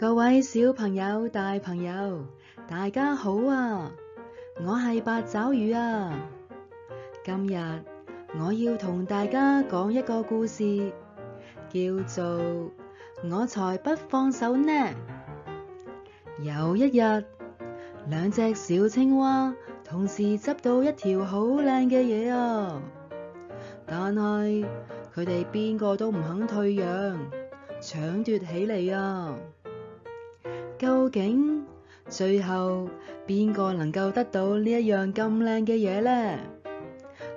各位小朋友、大朋友，大家好啊！我係八爪魚啊！今日我要同大家講一個故事，叫做《我才不放手呢》。有一日，兩隻小青蛙同時執到一條好靚嘅嘢啊！但係佢哋邊個都唔肯退讓，搶奪起嚟啊！究竟最後邊個能夠得到呢一樣咁靚嘅嘢呢？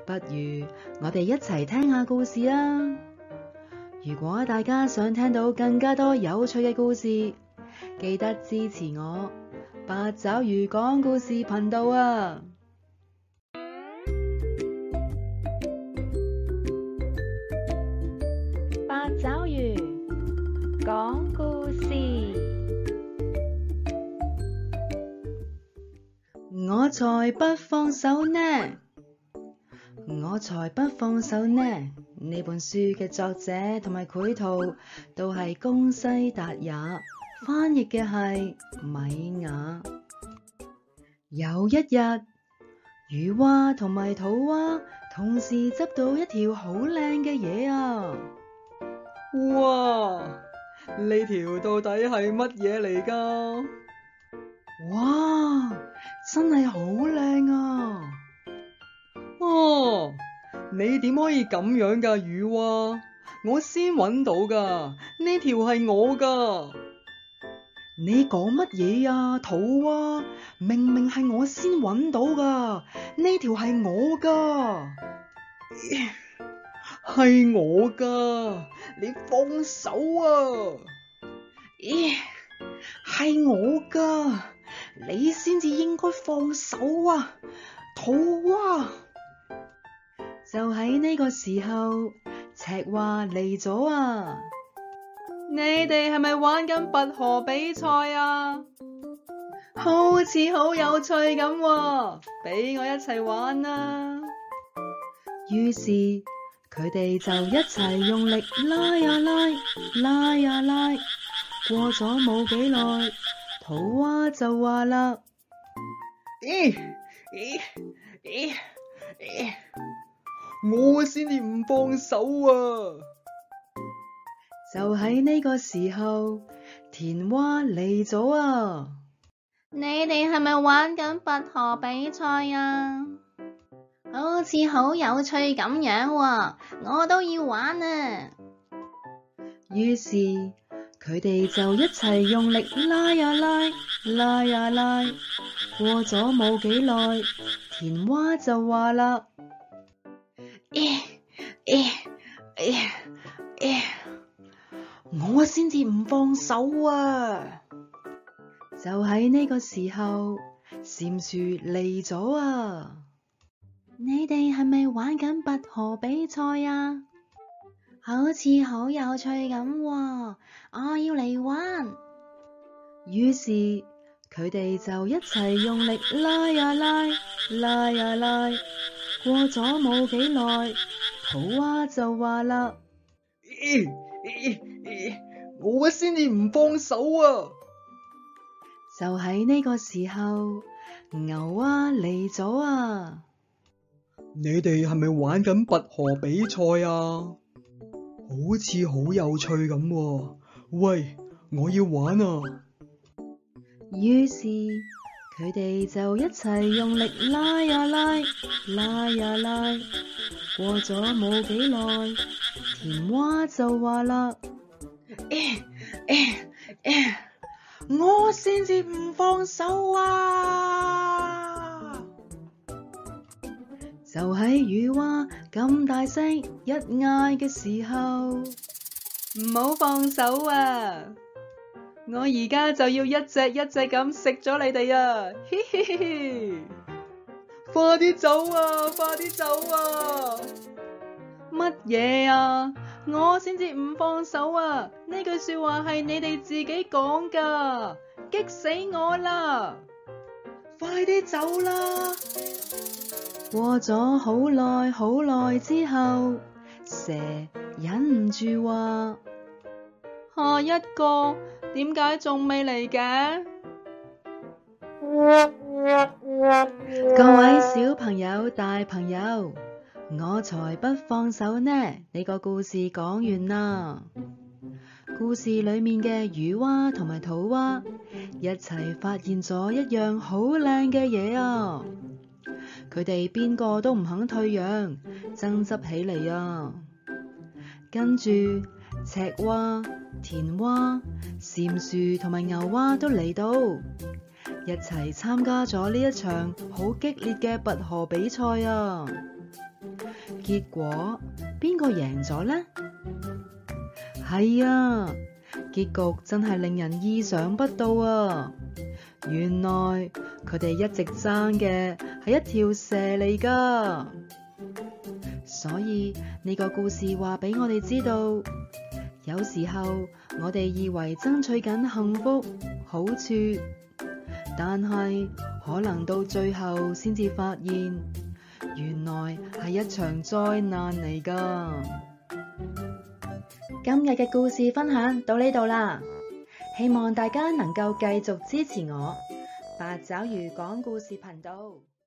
不如我哋一齊聽下故事啊！如果大家想聽到更加多有趣嘅故事，記得支持我八爪魚講故事頻道啊！八爪魚講故事。我才不放手呢！我才不放手呢！呢本書嘅作者同埋繪圖都係宮西達也，翻譯嘅係米雅。有一日，魚蛙同埋土蛙同時執到一條好靚嘅嘢啊！哇！呢條到底係乜嘢嚟㗎？哇！真係好靚啊！哦、啊，你點可以咁樣噶，雨蛙？我先搵到噶，呢條係我噶。你講乜嘢啊，土蛙，明明係我先搵到噶，呢條係我噶。係我噶，你放手啊！咦？係我噶。你先至應該放手啊，土蛙！就喺呢個時候，赤蛙嚟咗啊！你哋係咪玩緊拔河比賽啊？好似好有趣咁，啊，俾我一齊玩啊！於是佢哋就一齊用力拉呀拉，拉呀拉，過咗冇幾耐。土蛙就話啦：咦咦咦咦，我先至唔放手啊！就喺呢個時候，田蛙嚟咗啊！你哋係咪玩緊拔河比賽啊？好似好有趣咁樣啊，我都要玩啊！於是。佢哋就一齊用力拉呀拉，拉呀拉，過咗冇幾耐，田蛙就話啦：欸欸欸欸，我先至唔放手啊！就喺呢個時候，蟾蜍嚟咗啊！你哋係咪玩緊拔河比賽啊？」好似好有趣咁，我要嚟玩。於是佢哋就一齊用力拉啊拉，拉啊拉。過咗冇幾耐，蒲娃就話啦、欸欸欸，我先至唔放手啊！就喺呢個時候，牛蛙嚟咗啊！你哋係咪玩緊拔河比賽啊？好似好有趣咁，喂，我要玩啊！於是佢哋就一齊用力拉呀拉，拉呀拉。過咗冇幾耐，甜蛙就話啦：哎哎哎，我先至唔放手啊！就喺雨蛙咁大聲一嗌嘅時候，唔好放手啊！我而家就要一隻一隻咁食咗你哋啊！嘻嘻嘻嘻， 快啲走啊！快啲走啊！乜嘢啊？我先至唔放手啊！呢句說話係你哋自己講㗎，激死我啦！ 快啲走啦！過咗好耐，好耐之後，蛇忍唔住話：下一個點解仲未嚟嘅？各位小朋友、大朋友，我才不放手呢！你個故事講完啦，故事裏面嘅雨蛙同埋土蛙一齊發現咗一樣好靚嘅嘢啊！佢哋邊個都唔肯退讓，爭執起嚟啊！跟住，赤蛙、田蛙、蟾蜍同埋牛蛙都嚟到，一齊參加咗呢一場好激烈嘅拔河比賽啊！結果邊個贏咗咧？係啊！結局真係令人意想不到啊！原來佢哋一直爭嘅係一條蛇嚟噶，所以呢個故事話俾我哋知道，有時候我哋以為爭取緊幸福、好處，但係可能到最後先至發現，原來係一場災難嚟噶。今日嘅故事分享到呢度啦，希望大家能夠繼續支持我，八爪魚講故事頻道。